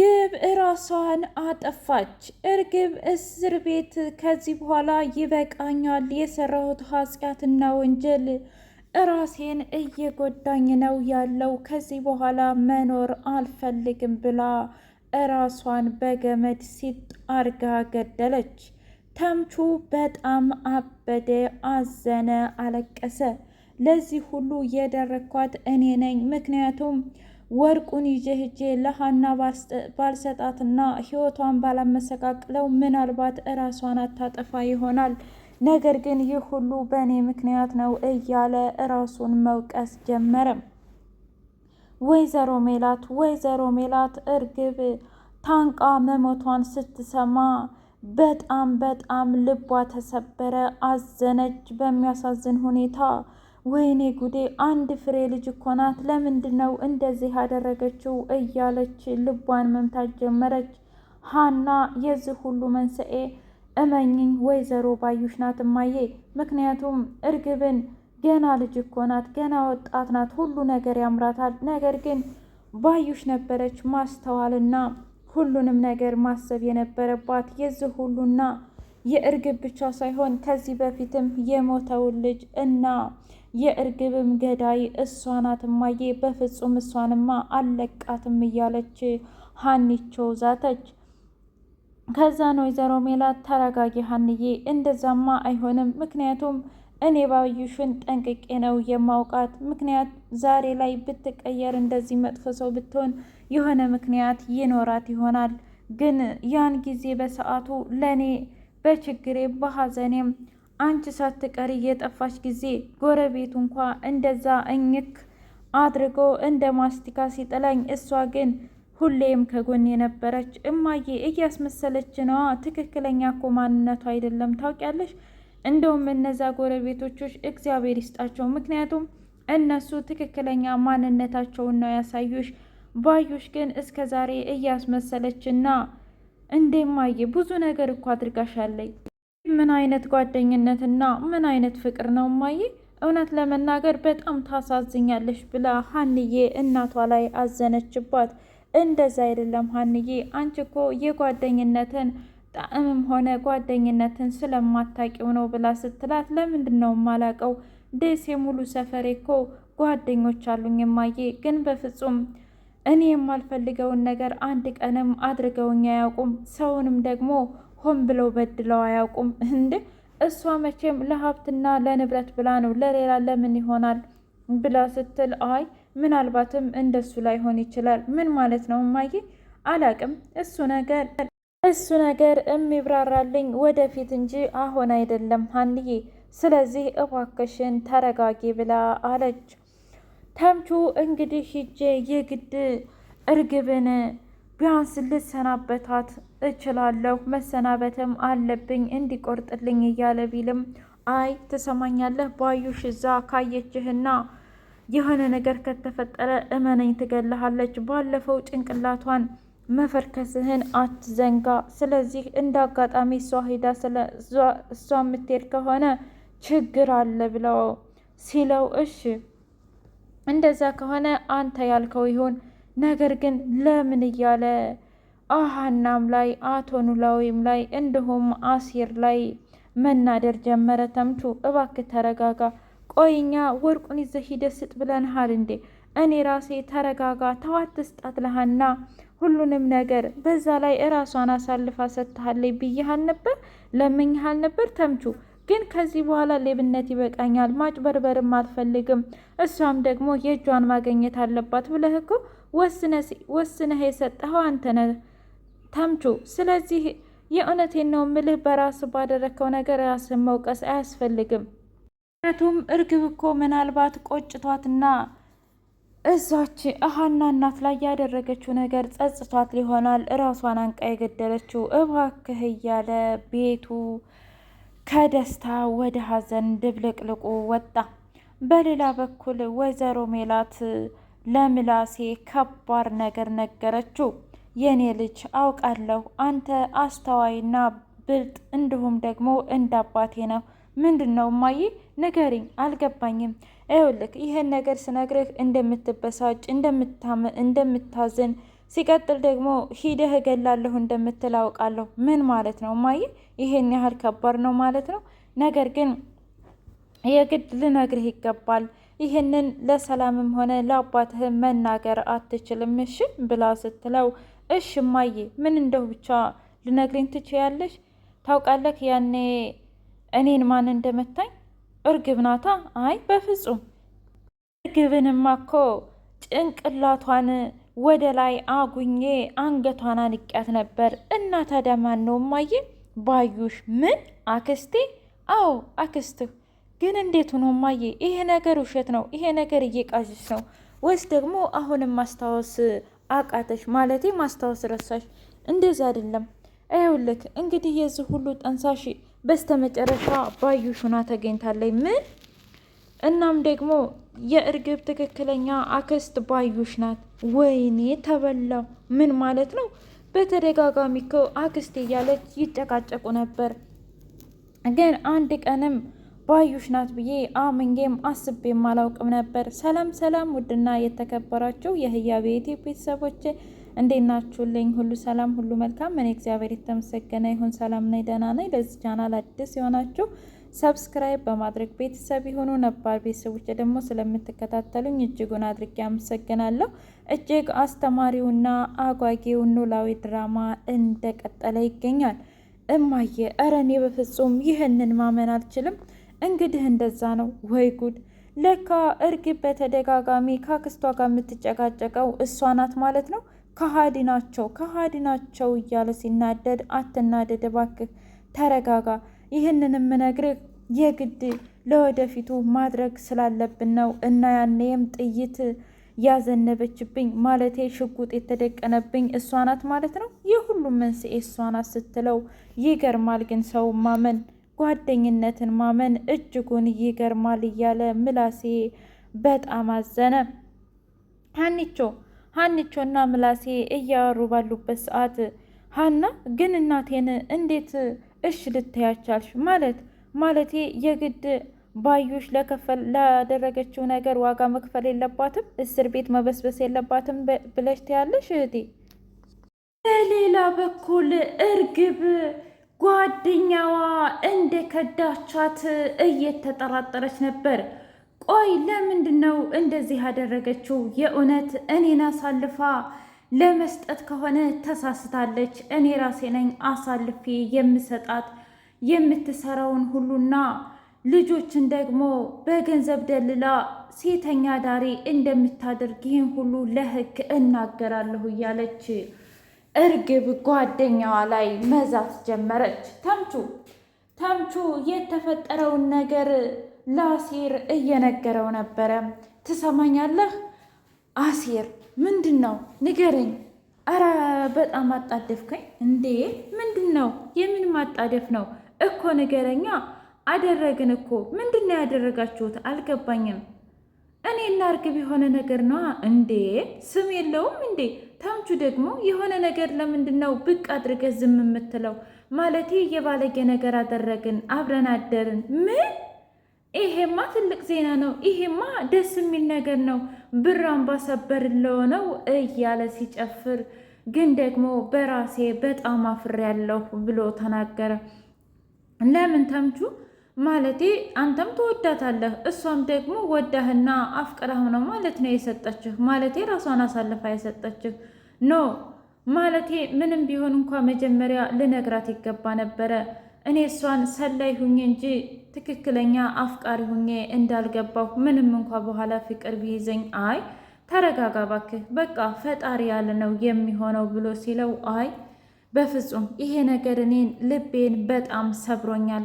እርግብ እራሷን አጠፋች። እርግብ እስር ቤት ከዚህ በኋላ ይበቃኛል፣ የሰራሁት ኃጢአትና ወንጀል እራሴን እየጎዳኝ ነው ያለው፣ ከዚህ በኋላ መኖር አልፈልግም ብላ እራሷን በገመድ ሲጥ አርጋ ገደለች። ተምቹ በጣም አበደ፣ አዘነ፣ አለቀሰ። ለዚህ ሁሉ የደረኳት እኔ ነኝ፣ ምክንያቱም ወርቁን ይዤ ሄጄ ለሀና ባልሰጣትና ህይወቷን ባላመሰቃቅለው ምናልባት እራሷን አታጠፋ ይሆናል። ነገር ግን ይህ ሁሉ በእኔ ምክንያት ነው እያለ እራሱን መውቀስ ጀመረም። ወይዘሮ ሜላት ወይዘሮ ሜላት እርግብ ታንቃ መሞቷን ስትሰማ በጣም በጣም ልቧ ተሰበረ፣ አዘነች በሚያሳዝን ሁኔታ ወይኔ ጉዴ አንድ ፍሬ ልጅ እኮ ናት፣ ለምንድን ነው እንደዚህ ያደረገችው? እያለች ልቧን መምታት ጀመረች። ሀና የዚህ ሁሉ መንስኤ እመኝኝ ወይዘሮ ባዩሽ ናት እማዬ። ምክንያቱም እርግብን ገና ልጅ እኮ ናት፣ ገና ወጣት ናት፣ ሁሉ ነገር ያምራታል። ነገር ግን ባዩሽ ነበረች ማስተዋልና ሁሉንም ነገር ማሰብ የነበረባት። የዚህ ሁሉና የእርግብ ብቻ ሳይሆን ከዚህ በፊትም የሞተውን ልጅ እና የእርግብም ገዳይ እሷ ናት እማዬ፣ በፍጹም እሷንማ አለቃትም እያለች ሀኒቾ ዛተች። ከዛን ወይዘሮ ሜላት ተረጋጊ ሀንዬ፣ እንደዛማ አይሆንም። ምክንያቱም እኔ ባዩሽን ጠንቅቄ ነው የማውቃት። ምክንያት ዛሬ ላይ ብትቀየር፣ እንደዚህ መጥፎ ሰው ብትሆን የሆነ ምክንያት ይኖራት ይሆናል። ግን ያን ጊዜ በሰዓቱ ለእኔ በችግሬ በሀዘኔም አንቺ ሳትቀሪ የጠፋች ጊዜ ጎረቤቱ እንኳ እንደዛ እኝክ አድርጎ እንደ ማስቲካ ሲጥለኝ፣ እሷ ግን ሁሌም ከጎን የነበረች እማዬ እያስመሰለች ነዋ። ትክክለኛ እኮ ማንነቱ አይደለም ታውቂያለሽ። እንደውም እነዛ ጎረቤቶቾች እግዚአብሔር ይስጣቸው፣ ምክንያቱም እነሱ ትክክለኛ ማንነታቸውን ነው ያሳዩሽ። ባዩሽ ግን እስከ ዛሬ እያስመሰለችና እንዴ እማዬ ብዙ ነገር እኮ አድርጋሻለኝ ምን አይነት ጓደኝነትና ምን አይነት ፍቅር ነው እማዬ፣ እውነት ለመናገር በጣም ታሳዝኛለሽ ብላ ሀንዬ እናቷ ላይ አዘነችባት። እንደዛ አይደለም ሀንዬ፣ አንቺ እኮ የጓደኝነትን ጣዕምም ሆነ ጓደኝነትን ስለማታውቂው ነው ብላ ስትላት፣ ለምንድን ነው የማላውቀው? ደስ የሙሉ ሰፈሬ እኮ ጓደኞች አሉኝ እማዬ፣ ግን በፍጹም እኔ የማልፈልገውን ነገር አንድ ቀንም አድርገውኝ አያውቁም። ሰውንም ደግሞ ሆን ብለው በድለው አያውቁም። እንዴ እሷ መቼም ለሀብትና ለንብረት ብላ ነው፣ ለሌላ ለምን ይሆናል ብላ ስትል፣ አይ ምናልባትም እንደሱ ላይሆን ይችላል። ምን ማለት ነው እማዬ? አላቅም። እሱ ነገር እሱ ነገር የሚብራራልኝ ወደፊት እንጂ አሁን አይደለም ሀንዬ። ስለዚህ እባክሽን ተረጋጊ ብላ አለች። ተምቹ እንግዲህ ሂጄ የግድ እርግብን ቢያንስ ልሰናበታት እችላለሁ፣ መሰናበትም አለብኝ እንዲቆርጥልኝ እያለ ቢልም አይ ትሰማኛለህ፣ ባዩሽ እዛ ካየችህና የሆነ ነገር ከተፈጠረ እመነኝ ትገልሃለች። ባለፈው ጭንቅላቷን መፈርከስህን አትዘንጋ። ስለዚህ እንደ አጋጣሚ እሷ ሂዳ እሷ የምትሄድ ከሆነ ችግር አለ ብለው ሲለው፣ እሺ እንደዛ ከሆነ አንተ ያልከው ይሁን ነገር ግን ለምን እያለ አሃናም ላይ አቶ ኑላዊም ላይ እንዲሁም አሲር ላይ መናደር ጀመረ። ተምቹ እባክ ተረጋጋ። ቆይኛ ወርቁን ይዘህ ሂደህ ስጥ ብለንሃል እንዴ? እኔ ራሴ ተረጋጋ፣ ተዋት ስጣት ለሃና ሁሉንም ነገር። በዛ ላይ እራሷን አሳልፋ ሰጥታሃለች ብይሃል ነበር፣ ለምኝሃል ነበር ተምቹ ግን ከዚህ በኋላ ሌብነት ይበቃኛል፣ ማጭበርበርም አልፈልግም፣ እሷም ደግሞ የእጇን ማገኘት አለባት ብለህ እኮ ወስነህ የሰጠኸው አንተ ነህ ተምቹ። ስለዚህ የእውነቴን ነው ምልህ፣ በራስ ባደረግከው ነገር ራስን መውቀስ አያስፈልግም። ምክንያቱም እርግብ እኮ ምናልባት ቆጭቷትና እዛች አሀና እናት ላይ ያደረገችው ነገር ጸጽቷት ሊሆናል ራሷን አንቃ የገደለችው እባክህ እያለ ቤቱ ከደስታ ወደ ሐዘን ድብልቅልቁ ወጣ። በሌላ በኩል ወይዘሮ ሜላት ለምላሴ ከባድ ነገር ነገረችው። የኔ ልጅ አውቃለሁ፣ አንተ አስተዋይና ብልጥ እንዲሁም ደግሞ እንደ አባቴ ነው። ምንድን ነው እማዬ? ንገሪኝ፣ አልገባኝም። ይኸውልህ ይህን ነገር ስነግርህ እንደምትበሳጭ እንደምታዝን ሲቀጥል ደግሞ ሂደህ እገላለሁ እንደምትል አውቃለሁ። ምን ማለት ነው እማዬ? ይሄን ያህል ከባድ ነው ማለት ነው። ነገር ግን የግድ ልነግርህ ይገባል። ይህንን ለሰላምም ሆነ ለአባትህ መናገር አትችልም እሺ? ብላ ስትለው እሽ እማዬ፣ ምን እንደው ብቻ ልነግሪኝ ትችያለሽ? ታውቃለህ ያኔ እኔን ማን እንደመታኝ እርግብ ናታ። አይ በፍጹም እርግብንማ እኮ ጭንቅላቷን ወደ ላይ አጉኜ አንገቷን አንቂያት ነበር። እና ታዲያ ማን ነው ማየ ባዩሽ። ምን አክስቴ? አዎ አክስትህ። ግን እንዴት ሆኖ ማየ ይሄ ነገር ውሸት ነው። ይሄ ነገር እየቃዥሽ ነው ወይስ ደግሞ አሁንም ማስታወስ አቃተሽ? ማለቴ ማስታወስ ረሳሽ? እንደዚህ አይደለም። ይኸውልህ እንግዲህ የዚህ ሁሉ ጠንሳሽ በስተመጨረሻ ባዩሽ ሆና ተገኝታለች። ምን እናም ደግሞ የእርግብ ትክክለኛ አክስት ባዩሽ ናት። ወይኔ ተበላው። ምን ማለት ነው? በተደጋጋሚ እኮ አክስቴ እያለች ይጨቃጨቁ ነበር። ግን አንድ ቀንም ባዩሽ ናት ብዬ አምንጌም አስቤም አላውቅም ነበር። ሰላም ሰላም! ውድና የተከበራችሁ የህያ ቤቴ ቤተሰቦች እንዴት ናችሁልኝ? ሁሉ ሰላም፣ ሁሉ መልካም። እኔ እግዚአብሔር የተመሰገነ ይሁን ሰላም ነኝ፣ ደህና ነኝ። ለዚህ ቻናል አዲስ የሆናችሁ ሰብስክራይብ በማድረግ ቤተሰብ የሆኑ ነባር ቤተሰቦች ደግሞ ስለምትከታተሉኝ እጅጉን አድርጌ አመሰግናለሁ። እጅግ አስተማሪውና አጓጊው ኖላዊ ድራማ እንደቀጠለ ይገኛል። እማዬ እረ እኔ በፍጹም ይህንን ማመን አልችልም። እንግዲህ እንደዛ ነው ወይ ጉድ! ለካ እርግብ በተደጋጋሚ ካክስቷ ጋር የምትጨቃጨቀው እሷ ናት ማለት ነው። ከሀዲ ናቸው ከሀዲ ናቸው እያለ ሲናደድ፣ አትናደድ እባክህ ተረጋጋ ይህንን የምነግርህ የግድ ለወደፊቱ ማድረግ ስላለብን ነው እና ያኔም ጥይት ያዘነበችብኝ ማለቴ ሽጉጥ የተደቀነብኝ እሷ ናት ማለት ነው። ሁሉም መንስኤ እሷ ናት ስትለው ይገርማል፣ ግን ሰው ማመን ጓደኝነትን ማመን እጅጉን ይገርማል እያለ ምላሴ በጣም አዘነ። ሀኒቾ እና ምላሴ እያወሩ ባሉበት ሰዓት ሀና ግን እናቴን እንዴት እሽ ልትያቻልሽ ማለት ማለቴ የግድ ባዩሽ ለከፈል ላደረገችው ነገር ዋጋ መክፈል የለባትም፣ እስር ቤት መበስበስ የለባትም ብለሽ ትያለሽ እህቴ። በሌላ በኩል እርግብ ጓደኛዋ እንደ ከዳቻት እየተጠራጠረች ነበር። ቆይ ለምንድን ነው እንደዚህ ያደረገችው? የእውነት እኔን አሳልፋ ለመስጠት ከሆነ ተሳስታለች። እኔ ራሴ ነኝ አሳልፌ የምሰጣት የምትሰራውን ሁሉና ልጆችን ደግሞ በገንዘብ ደልላ ሴተኛ ዳሪ እንደምታደርግ ይህን ሁሉ ለሕግ እናገራለሁ እያለች እርግብ ጓደኛዋ ላይ መዛት ጀመረች። ተምቹ ተምቹ የተፈጠረውን ነገር ለአሴር እየነገረው ነበረ። ትሰማኛለህ አሴር ምንድን ነው ንገረኝ። አረ በጣም አጣደፍከኝ እንዴ! ምንድን ነው? የምን ማጣደፍ ነው እኮ ንገረኛ። አደረግን እኮ ምንድን ነው ያደረጋችሁት? አልገባኝም። እኔ እና እርግብ የሆነ ነገር ነው እንዴ ስም የለውም እንዴ? ታምቹ ደግሞ የሆነ ነገር ለምንድን ነው ብቅ አድርገህ ዝም የምትለው? ማለቴ የባለጌ ነገር አደረግን፣ አብረን አደርን። ምን? ይሄማ ትልቅ ዜና ነው። ይሄማ ደስ የሚል ነገር ነው። ብር ባሰበርለው ለሆነው እያለ ሲጨፍር ግን ደግሞ በራሴ በጣም አፍሬያለሁ ብሎ ተናገረ። ለምን ተምቹ? ማለቴ አንተም ትወዳታለህ እሷም ደግሞ ወዳህና አፍቅራህ ነው ማለት ነው የሰጠችህ። ማለቴ ራሷን አሳልፋ የሰጠችህ ኖ ማለቴ ምንም ቢሆን እንኳ መጀመሪያ ልነግራት ይገባ ነበረ እኔ እሷን ሰላይ ሁኜ እንጂ ትክክለኛ አፍቃሪ ሁኜ እንዳልገባሁ ምንም እንኳ በኋላ ፍቅር ቢይዘኝ አይ ተረጋጋ እባክህ በቃ ፈጣሪ ያለ ነው የሚሆነው ብሎ ሲለው አይ በፍጹም ይሄ ነገር እኔን ልቤን በጣም ሰብሮኛል።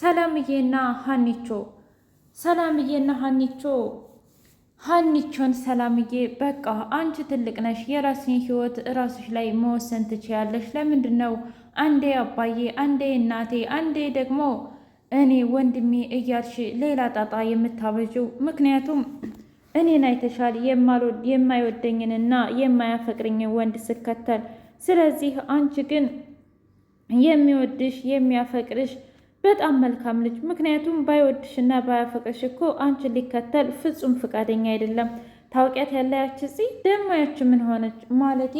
ሰላምዬና ሀኒቾ ሰላምዬና ሀኒቾ ሀኒቾን ሰላምዬ በቃ አንቺ ትልቅ ነሽ፣ የራስሽን ህይወት ራስሽ ላይ መወሰን ትችያለሽ። ለምንድን ነው አንዴ አባዬ፣ አንዴ እናቴ፣ አንዴ ደግሞ እኔ ወንድሜ እያልሽ ሌላ ጣጣ የምታበዥው ምክንያቱም እኔን አይተሻል የማይወደኝንና የማያፈቅርኝን ወንድ ስከተል። ስለዚህ አንቺ ግን የሚወድሽ የሚያፈቅርሽ በጣም መልካም ልጅ፣ ምክንያቱም ባይወድሽና ባያፈቅርሽ እኮ አንቺን ሊከተል ፍጹም ፈቃደኛ አይደለም። ታውቂያት ያለያች ሲ ምን ሆነች ማለቴ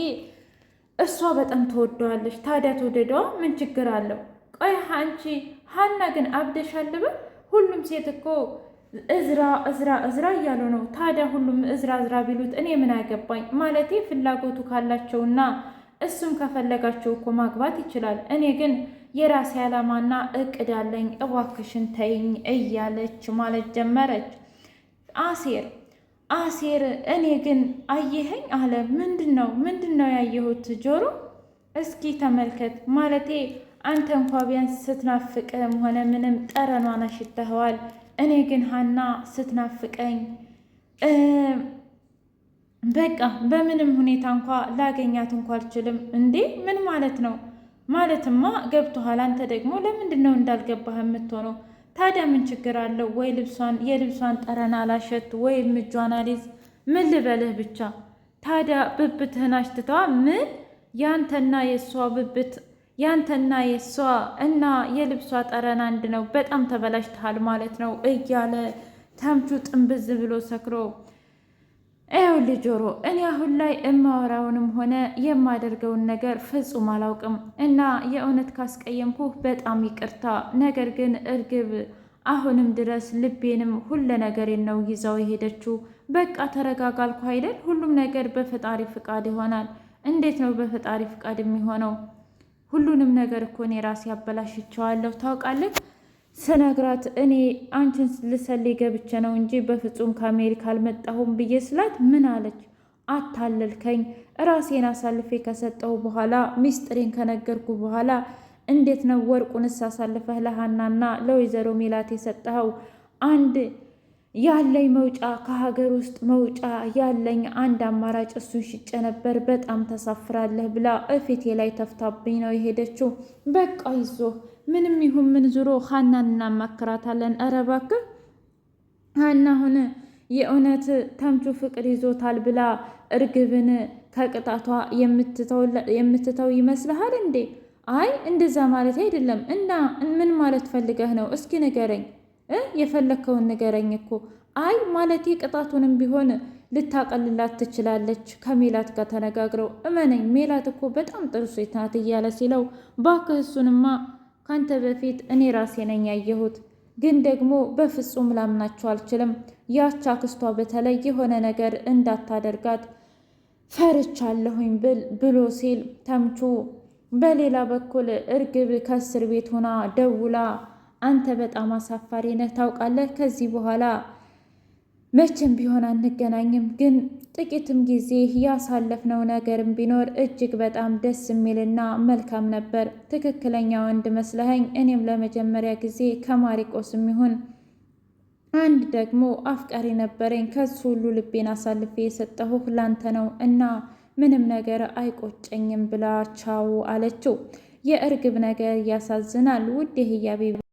እሷ በጣም ተወደዋለች። ታዲያ ተወደደዋ ምን ችግር አለው? ቆይ አንቺ ሀና ግን አብደሻል ሁሉም ሴት እኮ እዝራ እዝራ እዝራ እያሉ ነው። ታዲያ ሁሉም እዝራ እዝራ ቢሉት እኔ ምን አገባኝ? ማለቴ ፍላጎቱ ካላቸውና እሱም ከፈለጋቸው እኮ ማግባት ይችላል። እኔ ግን የራሴ ዓላማና እቅድ አለኝ፣ እባክሽን ተይኝ እያለች ማለት ጀመረች አሴር አሴር እኔ ግን አየኸኝ አለ። ምንድን ነው ምንድን ነው ያየሁት? ጆሮ እስኪ ተመልከት። ማለቴ አንተ እንኳ ቢያንስ ስትናፍቅህም ሆነ ምንም ጠረኗን አሽተኸዋል። እኔ ግን ሀና ስትናፍቀኝ በቃ በምንም ሁኔታ እንኳ ላገኛት እንኳ አልችልም። እንዴ ምን ማለት ነው? ማለትማ ገብቶሃል። አንተ ደግሞ ለምንድን ነው እንዳልገባህ የምትሆነው? ታዲያ ምን ችግር አለው? ወይ ልብሷን የልብሷን ጠረን አላሸት ወይም እጇን አልይዝ ምን ልበልህ ብቻ። ታዲያ ብብትህን አሽትተዋ ምን ያንተና የእሷ ብብት ያንተና የእሷ እና የልብሷ ጠረን አንድ ነው። በጣም ተበላሽተሃል ማለት ነው እያለ ተምቹ ጥንብዝ ብሎ ሰክሮ ይኸውልህ ጆሮ፣ እኔ አሁን ላይ እማወራውንም ሆነ የማደርገውን ነገር ፍጹም አላውቅም እና የእውነት ካስቀየምኩህ በጣም ይቅርታ። ነገር ግን እርግብ አሁንም ድረስ ልቤንም ሁለ ነገሬን ነው ይዛው የሄደችው። በቃ ተረጋጋልኩ አይደል? ሁሉም ነገር በፈጣሪ ፍቃድ ይሆናል። እንዴት ነው በፈጣሪ ፍቃድ የሚሆነው? ሁሉንም ነገር እኮ እኔ ራሴ ያበላሽቸዋለሁ ታውቃለህ። ስነግራት እኔ አንቺን ልሰሌ ገብቼ ነው እንጂ በፍጹም ከአሜሪካ አልመጣሁም ብዬ ስላት ምን አለች? አታለልከኝ። ራሴን አሳልፌ ከሰጠሁ በኋላ ሚስጥሬን ከነገርኩ በኋላ እንዴት ነው ወርቁንስ አሳልፈህ ለሀናና ለወይዘሮ ሜላት የሰጠኸው? አንድ ያለኝ መውጫ ከሀገር ውስጥ መውጫ ያለኝ አንድ አማራጭ እሱን ሽጨ ነበር። በጣም ተሳፍራለህ ብላ እፊቴ ላይ ተፍታብኝ ነው የሄደችው። በቃ ይዞህ ምንም ይሁን ምን ዙሮ ሀናን እናማክራታለን። ኧረ እባክህ ሀና አሁን የእውነት ተምቹ ፍቅር ይዞታል ብላ እርግብን ከቅጣቷ የምትተው ይመስልሃል እንዴ? አይ እንደዛ ማለት አይደለም። እና ምን ማለት ፈልገህ ነው? እስኪ ንገረኝ። የፈለግከውን ንገረኝ እኮ አይ ማለቴ ቅጣቱንም ቢሆን ልታቀልላት ትችላለች ከሜላት ጋር ተነጋግረው። እመነኝ ሜላት እኮ በጣም ጥሩ ሴት ናት እያለ ሲለው ባክህ እሱንማ ካንተ በፊት እኔ ራሴ ነኝ ያየሁት፣ ግን ደግሞ በፍጹም ላምናቸው አልችልም። ያች አክስቷ በተለይ የሆነ ነገር እንዳታደርጋት ፈርቻለሁኝ ብሎ ሲል ተምቹ በሌላ በኩል እርግብ ከእስር ቤት ሆና ደውላ አንተ በጣም አሳፋሪ ነህ ታውቃለህ ከዚህ በኋላ መቼም ቢሆን አንገናኝም፣ ግን ጥቂትም ጊዜ ያሳለፍነው ነገርም ቢኖር እጅግ በጣም ደስ የሚልና መልካም ነበር። ትክክለኛ ወንድ መስለኸኝ እኔም ለመጀመሪያ ጊዜ ከማሪቆስም ይሁን አንድ ደግሞ አፍቃሪ ነበረኝ። ከሱ ሁሉ ልቤን አሳልፌ የሰጠሁህ ላንተ ነው እና ምንም ነገር አይቆጨኝም ብላ ቻው አለችው። የእርግብ ነገር ያሳዝናል። ውድ ህያቤ